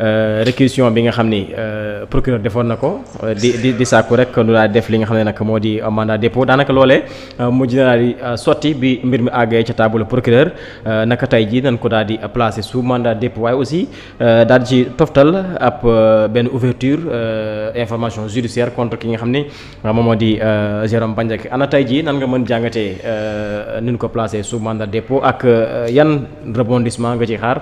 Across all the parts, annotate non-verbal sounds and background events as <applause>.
Euh, réquisition bi nga xam ni euh, procureur defoon na ko euh, di di di sàkku rek nu daal def li nga xam ne nag moo di euh, mandat dépôt daanaka loolee euh, mujj na daal di sotti bi mbir mi àggee ca table procureur naka tey jii nañ ko daal di placer su mandat dépôt waaye aussi daal di ci toftal ab benn ouverture information judiciaire contre ki nga xam ne moom moo di Jérôme Bandiaky ana tey jii nan nga mën jàngatee nuñ ko placer sous mandat dépôt ak yan rebondissement nga ci xaar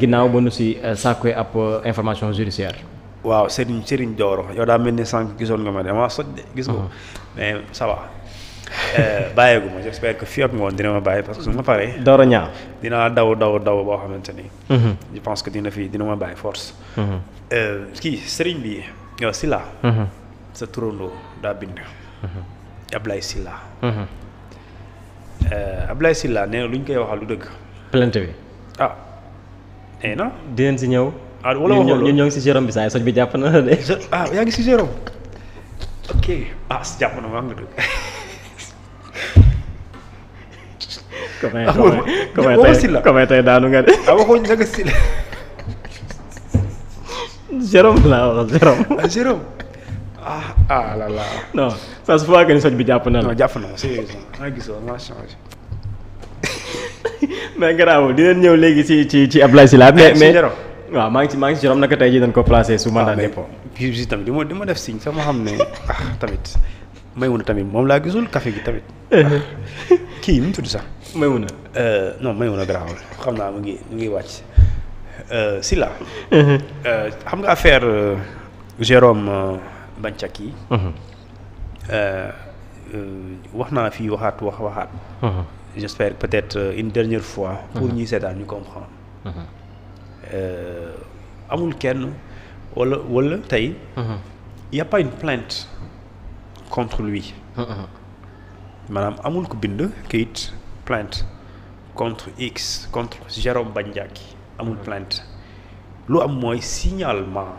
ginnaaw ba nu si sàkkee ab information judiciaire waaw Serigne Serigne Doro yow daa mel ni sànq gisoon nga ma dama soj de gis nga oh. mais ça va euh, bàyyeegu ma j'espère que fii ak ngoon dina ma bàyyi parce que su ma paree. Doro ñaaw dinaa daw daw daw boo xamante ni. Mm-hmm. je pense que fi dina ma bàyyi force. Mm-hmm. Euh, kii Serigne bi yow Silla. Mm-hmm. sa turandoo daa bind. Ablaye Silla. Euh, Ablaye Silla nee na lu ñu koy waxal lu dëgg. plainte bi ah. nee na si ñëw. ah wala waxoon ñun ñoo ngi si Jérôme bi saa soñ bi jàpp na la de. ah yaa ngi si Jérôme ok ah si jàpp na ma nga ah, daanu nga de. ah laa wax Jérôme. ah ah ah là là. saa su fekkee ni soj bi jàpp na la. non jàpp na ma sérieusement maa gisoo <laughs> ñëw léegi ci ci ci Abdoulaye Sylla mais eh, mais. waaw maa ngi ci maa ngi ci juróom naka tey jii dañ ko placé sous mandat de ah, dépôt bi tamit di ma di ma def signe sama xam ne ah tamit Maymuna tamit moom laa gisul café gi tamit <laughs> kii mu tudd sax Maymuna euh, non Maymuna garaawul xam naa mu ngi mu ngi wàcc euh, Silla mhm. euh, xam nga affaire Jérôme Bandiaky mhm. wax naa fii waxaat wax waxaat mhm. j'espère peut-être une dernière fois pour ñuy seetaan ñu comprendre Euh, amul kenn wala wala tey. Uh-huh. y' a pas une plainte contre lui. Uh-huh. maanaam amul ko bind kayit plainte contre X contre Jérôme Bandiaki amul uh-huh. plainte lu am mooy signalement.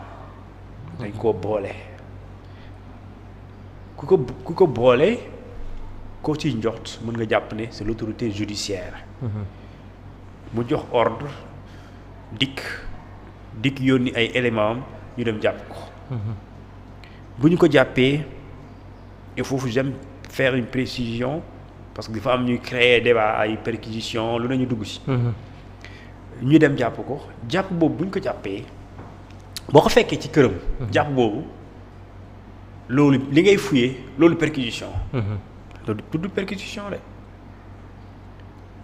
dañ koo boole. ku ko ku ko boole koo ciy njort mën nga jàpp ne c'est l'autorité judiciaire. mu jox ordre. dikk dikk yónni ay éléments am ñu dem jàpp ko mhm. bu ñu ko jàppee il faut que j'aime une précision parce que dafa am ñuy créer débat ay perquisition lu ne ñu dugg si mhm. ñu dem jàpp ko jàpp boobu bu ñu ko jàppee boo ko fekkee ci këram mhm. jàpp boobu loolu li ngay fuyee loolu perquisition loolu tudd perquisition rek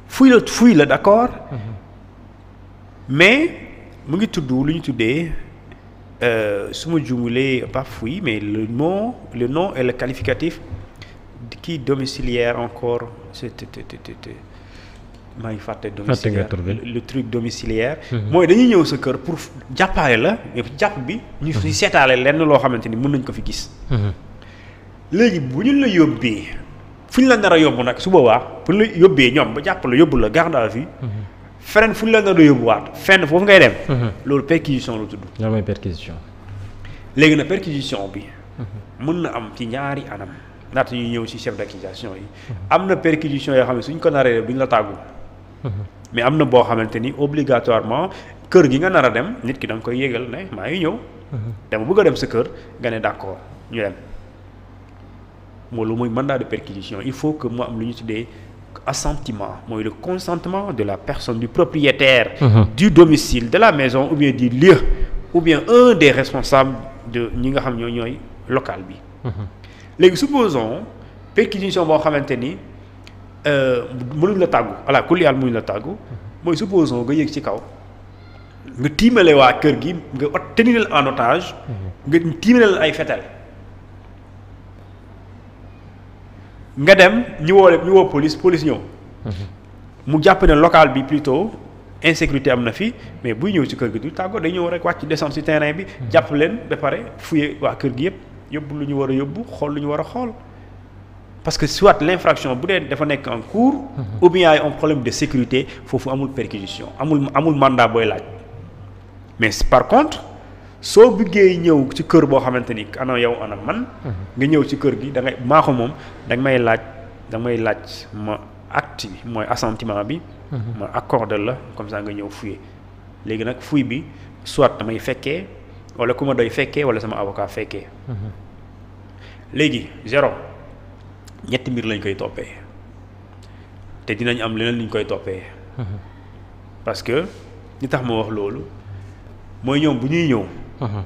fuy la fuy la d'accord mais mu ngi tudd lu ñu tuddee euh, su ma jumulee pas fouille mais le nom le nom et le qualificatif qui domiciliaire encore c'est maa ngi fàtte domiciliaire le truc domiciliaire mm-hmm. mooy dañuy ñëw sa kër pour jàppaale la jàpp bi ñu si mm-hmm. seetaale lenn loo xamante ni mën nañ ko fi gis mm-hmm. léegi bu ñu la yóbbee fu ñu la nar a yóbbu nag su boobaa bu ñu la yóbbee ñoom ba jàpp la yóbbu la garde à vue feneen fu la nga doon yóbbuwaat fenn foofu ngay dem. Mhm. loolu perquisition la tudd. lan mooy perquisition. léegi nag perquisition bi. mën mhm. na am ci ñaari anam. naata ñu ñëw ci chef d'accusation yi. Mhm. am na perquisition yoo xam ne suñ ko naree duñ la tàggu. mais am na boo xamante ni obligatoirement kër gi nga nar a dem nit ki da nga koy yégal ne maa ngi ñëw. dama bëgg a dem sa kër nga ne d'accord ñu dem. moo lu muy mandat de perquisition il faut que mu am lu ñu dee assentiment mooy le consentement de la personne du propriétaire mhm. du domicile de la maison ou bien du lieu ou bien un des responsables de ñi nga xam ñoo ñooy local bi mhm. léegi supposons pécunition boo xamante ni euh, mënuñ la tàggu ala kulli aal mënuñ la tàggu mooy supposons nga yéeg ci kaw nga tiimale waa kër gi nga ot tenir en otage mhm. nga tiimale ay fetal nga dem ñu woo ñu woo police police ñëw. Mhm. mu jàpp ne local bi plutôt insécurité am na fi mais buy ñëw ci kër gi du tàggoo day ñëw rek wàcc descendre ci terrain bi. Mhm. jàpp leen ba pare fuye waa kër gi yëpp yóbbu lu ñu war a yóbbu xool lu ñu war a xool. parce que soit l'infraction bu dee dafa nekk en cours. Mhm. ou bien ay un problème de sécurité foofu amul perquisition amul amul mandat booy laaj mais par contre. soo bëggee ñëw ci kër boo xamante ni ana yow ana man. Mhm. nga ñëw ci kër gi da ngay maa ko moom da may laaj da may laaj ma acte bi mooy assentiment bi. Mhm. ma accordé la comme ça nga ñëw fuye léegi nag fuy bi soit damay fekkee wala ku ma doy fekkee wala sama avocat fekkee. Mhm. léegi zéro ñetti mbir lañ koy toppee te dinañ am leneen liñ koy toppee. parce que ñi tax ma wax loolu mooy ñoom bu ñuy ñëw. Uh-huh.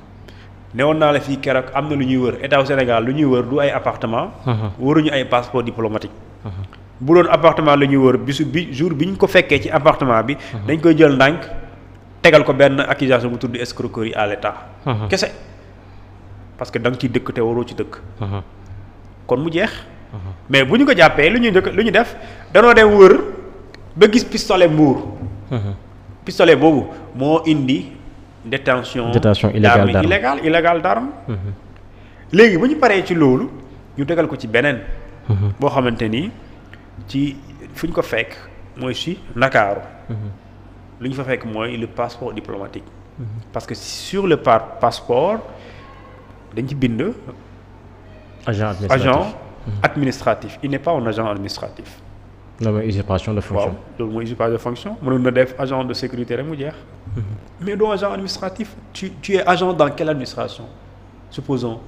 newoon naa la fii keroog am na lu ñuy wër état Sénégal lu ñuy wër du ay appartement uh-huh. wëruñu ay passeport diplomatique uh-huh. bu doon appartement la ñuy wër bisu bi jour bi ñu ko fekkee ci appartement bi dañ koy jël ndànk tegal ko benn accusation bu tudd escroquerie à l'état kese parce que da nga ciy dëkk te waroo ci dëkk kon mu jeex mais bu ñu ko jàppee lu ñuy dëkk lu ñu def danoo dem wër ba gis pistolet mbuur pistolet boobu moo indi détention détention illégale d'arme illégale illégale d'arme mhm. léegi bu ñu paree ci loolu ñu tegal ko ci beneen mhm. boo xamante ni ci fu ñu ko fekk mooy si Ndakaaru mhm. lu ñu fa fekk mooy le passeport diplomatique mmh. parce que sur le par passeport dañ ci bind agent administratif agent administratif il n'est pas un agent administratif loolu mooy usurpation de fonction waaw loolu mooy def agent de sécurité rek mu jeex mais doo agent administratif tu tu es agent dans quelle administration supposons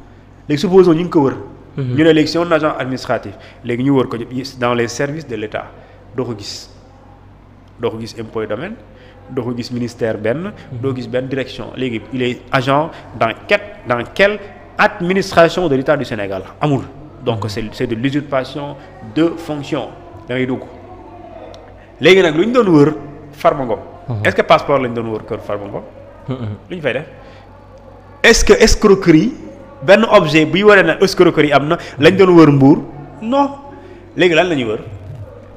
léegi supposons ñu ngi ko wër. Mhm. ñu ne léegi si agent administratif léegi ñu wër ko dans les services de l'État doo ko gis doo ko gis impôt domaine doo ko gis ministère benn. Mhm. doo gis benn direction léegi il est agent dans quel dans quelle administration de l'État du Sénégal amul donc mhm. c'est c'est de l'usurpation de fonction da ngay dugg léegi nag lu ñu doon wër Farba Uh-huh. est-ce que passeport lañ doon wër kër Farba Ngom uh-huh. lu ñu fay def est-ce que escroquerie benn objet bi waree na est escroquerie am na lañ doon wër mbuur no léegi lan la ñuy wër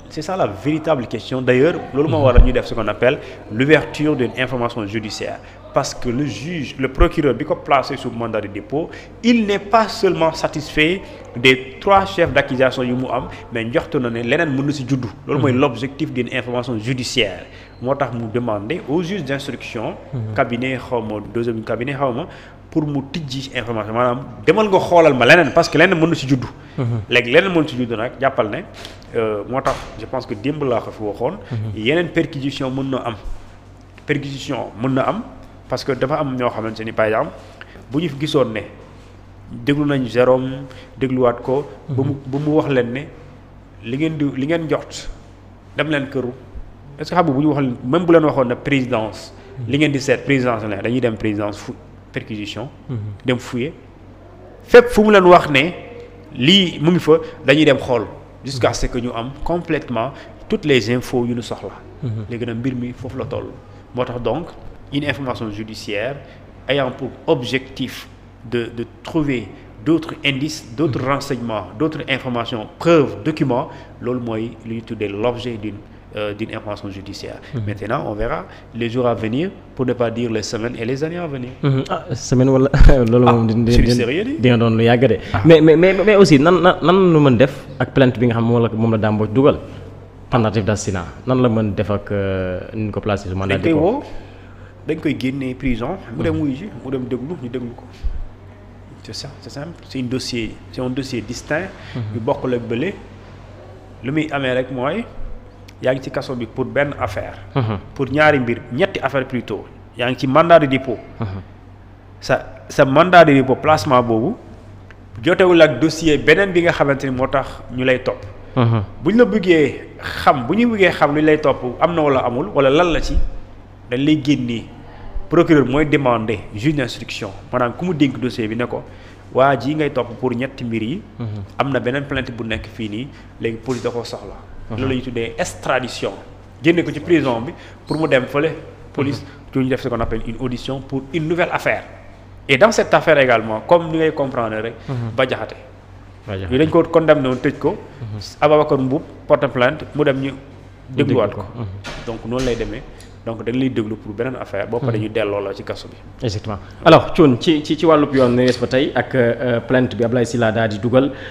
c'est ça la véritable question d'ailleurs loolu moo uh-huh. waral ñu def ce qu'on appelle l'ouverture d'une information judiciaire parce que le juge le procureur bi ko placé sous mandat de dépôt il n'est pas seulement satisfait des trois chefs d'accusation yu mu am mais njortu na ne leneen mën na ci juddu loolu mooy l'objectif d'une information judiciaire moo tax mu demandé au juge d'instruction. Mhm. cabinet xaw ma deuxième cabinet xaw ma pour mu tijji information maanaam demal nga xoolal ma leneen parce que leneen mën na si juddu. Mhm. léegi leneen mën na si juddu nag jàppal ne euh, moo tax je pense que démb laa ko fi waxoon. Mhm. yeneen perquisition mën na am. perquisition mën na am parce que dafa am ñoo xamante ni par exemple bu ñu gisoon ne déglu nañ Jérôme dégluwaat ko. ba mu ba mu wax leen ne li ngeen di li ngeen jot dem leen këru. est-ce que xam nga ñu wax même bu leen waxoon na présidence. li ngeen di seet présidence la dañuy dem présidence fu perquisition. Mhm. dem fouiller fépp fu mu leen wax ne lii mu ngi fa dañuy dem xool. jusqu'à ce que ñu am complètement toutes les infos yu ñu soxla. Mhm. léegi na mbir mi foofu la toll. moo tax donc une information judiciaire ayant pour objectif de de trouver d'autres indices d'autres mhm. renseignements d'autres informations preuves documents loolu mooy li ñu tuddee l'objet d'une euh, d'une information judiciaire. Mmh. on verra les jours à venir, pour ne pas dire les semaines et les années à venir. Mmh. ah semaine wala <laughs> loolu moom. Ah, dina doon lu yàgg de. Ah. mais mais mais aussi nan nan nan lu mën def ak plainte bi nga xam moom la moom la dugal def ak euh, ni ko placé su mandat de woo dañ koy génnee prison. mu dem wuyu mu dem déglu ñu déglu ko. c'est ça c'est simple c'est un dossier c'est un dossier distinct. Mhm. yu bokk la bële lu muy amee rek mooy. yaa ngi ci kaso bi pour benn affaire. Mhm. pour ñaari mbir ñetti affaire plutôt yaa ngi ci mandat de dépôt. Mhm. sa sa mandat de dépôt placement boobu jotewul ak dossier beneen bi nga xamante ni moo tax ñu lay topp. Mhm. bu ñu la bëggee xam bu ñu bëggee xam li lay topp am na wala amul wala lan la ci dañ lay génnee procureur mooy demander juge d'instruction maanaam ku mu dénk dossier bi ne ko. waa ji ngay topp pour ñetti mbir yi. am na beneen plainte bu nekk fii nii léegi police loolu la ñuy tuddee extradition génne ko ci prison bi pour mu dem fële police mhm. ñu def ce qu'on appelle une audition pour une nouvelle affaire et dans cette affaire également comme ni ngay comprendre rek mhm. ba jaxate yi dañ ko condamné woon tëj ko mhm. Ababacar Mbuub porte plainte mu dem ñu dégluwaat ko donc noonu lay demee donc dañ lay déglu pour beneen affaire boo paree delloo la ci kaso bi. exactement alors Thion ci ci ci wàllub yoon ne ba tey ak euh, plainte bi